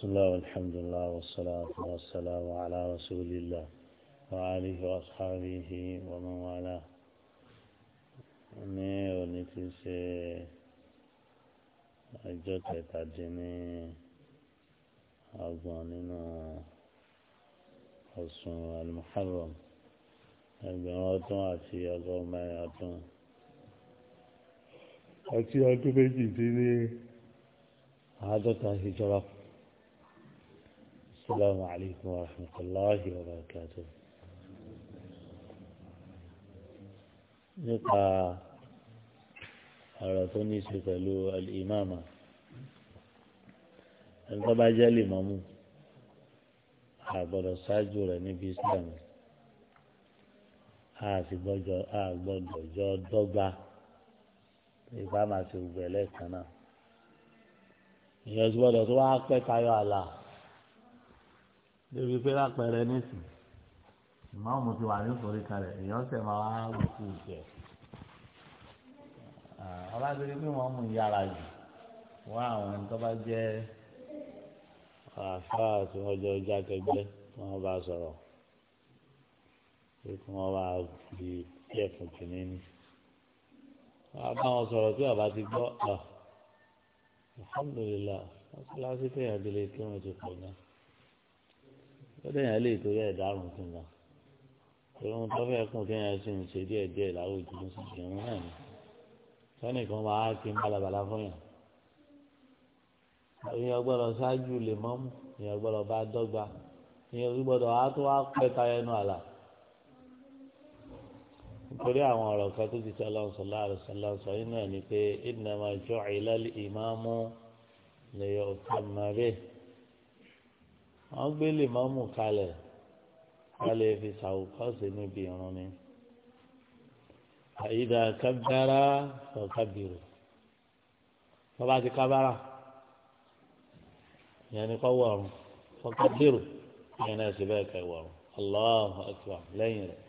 بسم الله والحمد لله والصلاة والسلام على رسول الله وعليه وأصحابه ومن والاه نيو نتيسة أجوتة تجيني أبواننا حسن المحرم أبواناتنا أتي أقول ما يأتون أتي أقول ما يأتون أتي أقول ما يأتون هذا تهجرف السلام عليكم ورحمة الله وبركاته nípa ọ̀rọ̀ tó ní í ṣe pẹ̀lú alìmáàmà ẹni tó bá jẹ́ lìmọ́mù a gbọ́dọ̀ ṣáájú rẹ̀ níbi ìsìlámù a sì gbọ́dọ̀ jọ dọ́gba ìbámu àti ògbẹ̀lẹ̀ kan náà ìyẹn tó gbọ́dọ̀ tó wá pẹ́ tayọ àlà débi pé lápẹẹrẹ nísìn ìmáàmù ti wà ní ìforí kalẹ̀ èèyàn sẹ̀ máa wá lùkù jẹ ọlágbèrè pé wọ́n mú yàrá jù wá àwọn ẹni tó bá jẹ́ àfáà tí wọ́n jẹ́ ọjà kẹgbẹ́ tí wọ́n bá sọ̀rọ̀ pé kí wọ́n bá fi díẹ̀ fún kìnínní ni wọ́n bá wọn sọ̀rọ̀ pé ọba ti gbọ́ alhamdulilayi wọ́n ti láti tẹ̀yàn kí wọ́n ti pọ̀ náà ó dẹ̀yìn alẹ́ ìtòrí ẹ̀dá àrùn sí nǹkan ìrún tó fẹ́ kùn kí ẹ̀yìn sì ń ṣe díẹ̀ díẹ̀ láwùjọ sì ṣe ń hàn ní sẹ́nìkan máa kí balabala fún yàn ìyẹn gbọ́dọ̀ ṣáájú lè mọ́mú ìyẹn gbọ́dọ̀ bá dọ́gba ìyẹn gbọ́dọ̀ á tó wá pẹ́ táyà ẹnu àlà nítorí àwọn ọ̀rọ̀ kan tó ti sọ́lá ọ̀sọ̀lá ọ̀sọ̀lá ọ̀sọ̀ inú wọ́n gbé lè má mú kalẹ̀ wọ́n lè fi ṣàwùkọ́sí níbi ìrún ni. àyídà kábíárà ọ̀kábìrò bàbá ti kábàrà ìyẹn ni kọ́ wọ̀rùn ọ̀kábìrò ìyẹn náà sì bẹ́ẹ̀ kẹ́ wọ̀rùn Allahu akbar lẹ́yìn rẹ̀.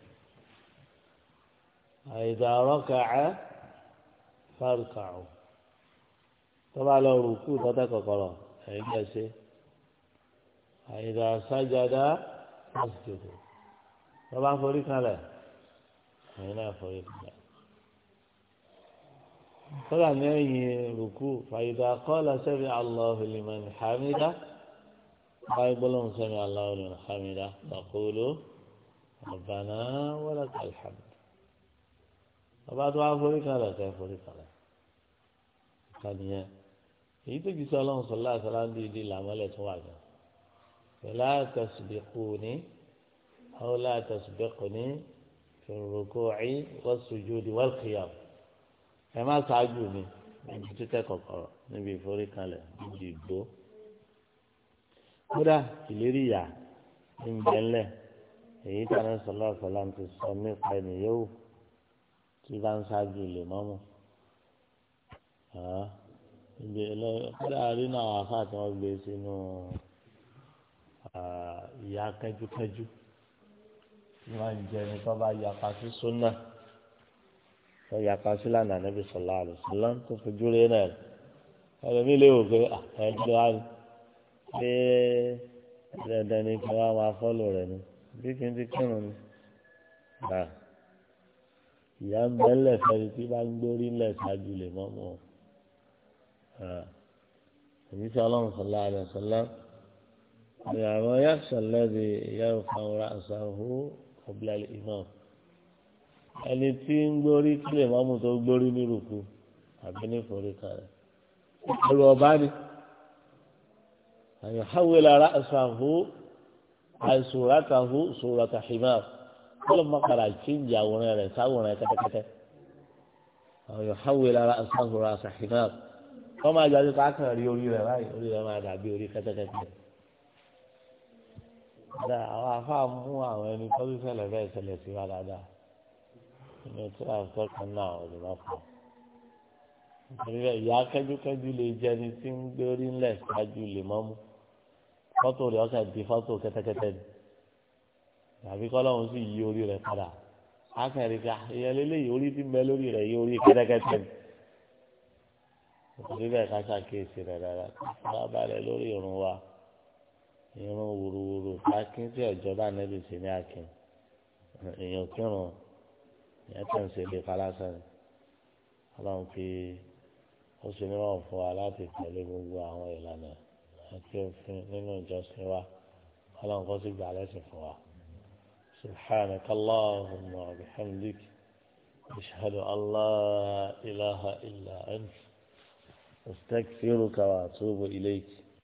àyídà rọ́kàá fárùkàá tọ́ba lọ rùkú tọ́tẹ́ kọ̀kọ̀rọ̀ ẹ̀yìn kẹsẹ́ àyìnbá sájàdá àsìkò tó bá forí kalẹ̀ àyìn náà forí kalẹ̀ kọ́lá ní ẹ̀yìn rúkú fàyìnbá kọ́lá sẹ́mi aláwọ̀ lìmọ̀nì hàmídá báyìí gbọ́dọ̀ sẹ́mi aláwọ̀ lìmọ̀nì hàmídá tàkúlù ọ̀bànà wọlé kàlhàmù ọba tó wá forí kalẹ̀ kẹ́ forí kalẹ̀ kàníyàn èyí tó kì í sọ ọlọ́run sọ̀rọ̀ láti aláǹdí ìdí làmọ́lẹ̀ tó wà gan. فلا تسبقوني أو لا تسبقني في الركوع والسجود والقيام فما تعجبني níbi tó kẹ́kọ̀ọ́ kọ̀rọ̀ níbi ìforíkalẹ̀ níbi ìgbó kódà ìlérí ìyá ní ìbẹ̀lẹ̀ èyí tí àwọn sọlá sọlá ń ti sọ nípa ènìyàn wò tí bá ń ṣáájú ilé mọ́mú kódà rí náà àfáà tí wọ́n gbé sínú ìyá kẹjúkẹjú ni wọn jẹ ẹni tó bá yapa sí súnà tó yapa sí lànà níbi sọlá àlùsọlá tó fojú rí náà ẹlòmíì lè wò pé ẹjọ́ á pé dandan ni kí wọn máa fọlọ rẹ ni bí kí n ti kírun ni ìyá ń bẹ lẹsẹ tí bá ń gbórí lẹsàájú lè mọ mọ ọ èyí tí Ọlọ́run sọlá àlùsọlá. يا يخشى الذي يرفع رأسه قبل الإمام ẹni tí ń gbórí kí lè máa mú tó gbórí nírúkú àbí ní ìforíkà rẹ ẹrù ọba ni àyàn háwé lára ṣàhú àìsùràtàhú sùràtàhìmá ọlọmọkàrà chíńjì àwòrán rẹ sáwòrán kẹtẹkẹtẹ àyàn háwé lára ṣàhúrà ṣàhìmá wọn máa jọ ọdún káàkiri orí rẹ báyìí orí rẹ máa dàbí orí kẹtẹkẹtẹ da àwọn afa mú àwọn ẹni tó bí ṣẹlẹ̀ bẹ́ẹ̀ ṣẹlẹ̀ sí wa dáadáa ìyẹn tí a sọ kan náà ò lè má fọ nítorí bẹ́ẹ̀ ìyá kẹjúkẹjú lè jẹ ni tí ń gbórí ńlẹ̀ ṣáájú lè mọ mú fọ́tò rẹ̀ ọkàn di fọ́tò kẹ́tẹ́kẹ́tẹ́ ni tàbí kọlọ́hún sì yí orí rẹ̀ padà akẹ́rì ká ah, ìyẹn lélẹ́yìí orí ti mẹ lórí rẹ̀ yí orí kẹ́tẹ́kẹ́tẹ́ ni nítorí bẹ́ẹ̀ ṣàkíyèsí rẹ̀ dáadáa ká fara irun wùrùwùrù akin tí ọjọba nẹbi sí ní akin èèyàn kírun èèyàn tẹ̀ ń ṣe lè falásán ni ọlọ́run fi ó sì nírọ̀rùn fún wa láti tẹ̀lé gbogbo àwọn ìlànà àti òfin nínú ìjọsìn wa ọlọ́run kó sì gbà lẹ́sìn fún wa. سبحانك اللهم وبحمدك أشهد أن لا إله إلا أنت أستغفرك وأتوب إليك